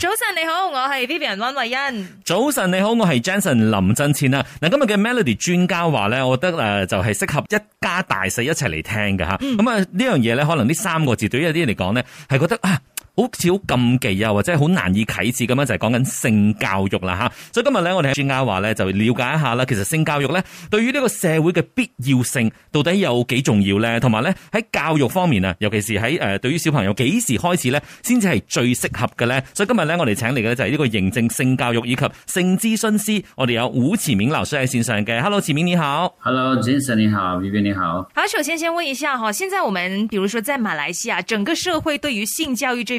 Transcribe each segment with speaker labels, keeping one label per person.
Speaker 1: 早晨你好，我係 Vivian 溫慧欣。
Speaker 2: 早晨你好，我係 Jenson 林振千啦。嗱，今日嘅 Melody 專家話咧，我覺得誒就係適合一家大細一齊嚟聽嘅吓。咁啊呢樣嘢咧，可能呢三個字對於有啲人嚟講咧係覺得啊，好似好禁忌啊，或者係好難以啟齒咁樣，就係講緊性教育啦吓。所以今日咧，我哋喺專家話咧，就了解一下啦。其實性教育咧，對於呢個社會嘅必要性，到底有幾重要咧？同埋咧，喺教育方面啊，尤其是喺誒對於小朋友幾時開始咧，先至係最適合嘅咧。所以今日咧，我哋請嚟嘅就係呢個認證性教育以及性諮詢師，我哋有吳啟銘老師喺線
Speaker 3: 上嘅。Hello，啟銘你，你好。Hello，Jason 你好，B B 你好。
Speaker 1: 好，首先先問一下吓，現在我們，比如說在馬來西亞，整個社會對於性教育這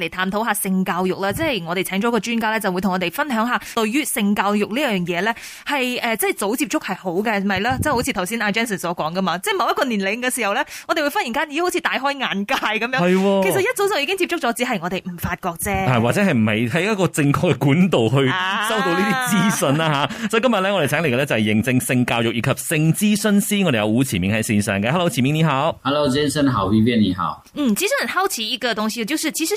Speaker 1: 嚟探討下性教育啦，即係我哋請咗個專家咧，就會同我哋分享下對於性教育呢樣嘢咧，係誒、呃，即係早接觸係好嘅，咪咧，即係好似頭先阿 Jensen 所講噶嘛，即係某一個年齡嘅時候咧，我哋會忽然間咦好似大開眼界咁樣，係、哦，其實一早就已經接觸咗，只係我哋唔發覺啫，係
Speaker 2: 或者係唔係喺一個正確嘅管道去收到呢啲資訊啦吓、啊啊，所以今日咧我哋請嚟嘅咧就係認證性教育以及性諮詢師，我哋有吳啟銘喺線上嘅，Hello 啟銘你好，Hello Jensen 你好，B
Speaker 3: B 你好，Hello, Jason,
Speaker 1: Vivian, 嗯，其實人好奇呢個東西，就是其實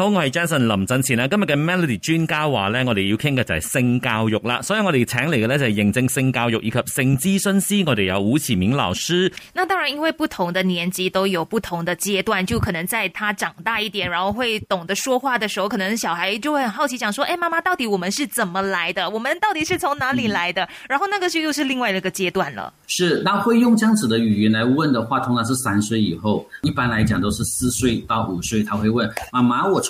Speaker 2: 好，我係 Jason 林振前呢，今日嘅 Melody 專家話呢，我哋要傾嘅就係性教育啦。所以我哋請嚟嘅呢，就係認證性教育以及性諮詢師，我哋有吳啟銘老師。
Speaker 1: 那當然，因為不同的年紀都有不同的階段，就可能在他長大一點，然後會懂得說話的時候，可能小孩就會很好奇，講說：，哎、欸，媽媽，到底我們是怎麼來的？我們到底是從哪裡來的？然後那個就又是另外一個階段了。
Speaker 3: 是，那會用這樣子的語言嚟問的話，通常是三歲以後，一般來講都是四歲到五歲，他會問媽媽我從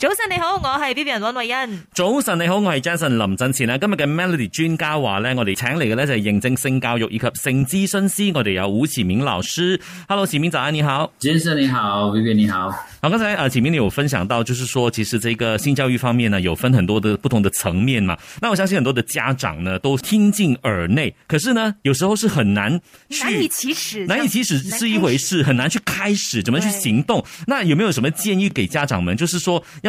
Speaker 1: 早晨你好，我是 B B 人溫慧欣。
Speaker 2: 早晨你好，我是 Jason 林振奇呢，今日嘅 Melody 專家話呢，我哋請嚟嘅呢就係、是、認證性教育以及性諮詢師，我哋有吳啟銘老師。Hello，啟銘早安，你好。Jason 你好，B B 你好。好，剛才啊、呃，啟銘你有分享到，就是說其實這個性教育方面呢，有分很多的不同的層面嘛。那我相信很多的家長呢，都聽進耳內，可是呢，有時候是很難去難以
Speaker 1: 啟齒，難以啟齒是一回
Speaker 2: 事，很難去開始，怎麼去行動？那有沒有什麼建議給家長們，就是說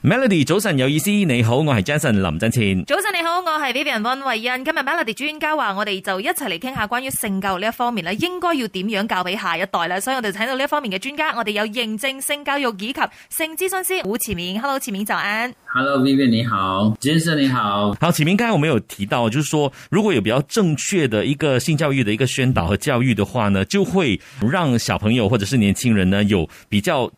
Speaker 2: Melody 早晨有意思，你好，我是 Jason 林振前。
Speaker 1: 早晨你好，我是 Vivian 溫慧欣。今日 Melody 專家話，我哋就一齊嚟傾下關於性教育呢一方面呢應該要點樣教俾下一代咧，所以我哋睇到呢一方面嘅專家，我哋有認證性教育以及性諮詢師，吳啟銘。好，啟銘 Hello，啟銘早安。
Speaker 3: Hello Vivian 你
Speaker 2: 好，Jason 你好。好，啟銘剛才我們有提到，就是說如果有比較正確的一個性教育的一個宣導和教育的話呢，就會讓小朋友或者是年輕人呢有比較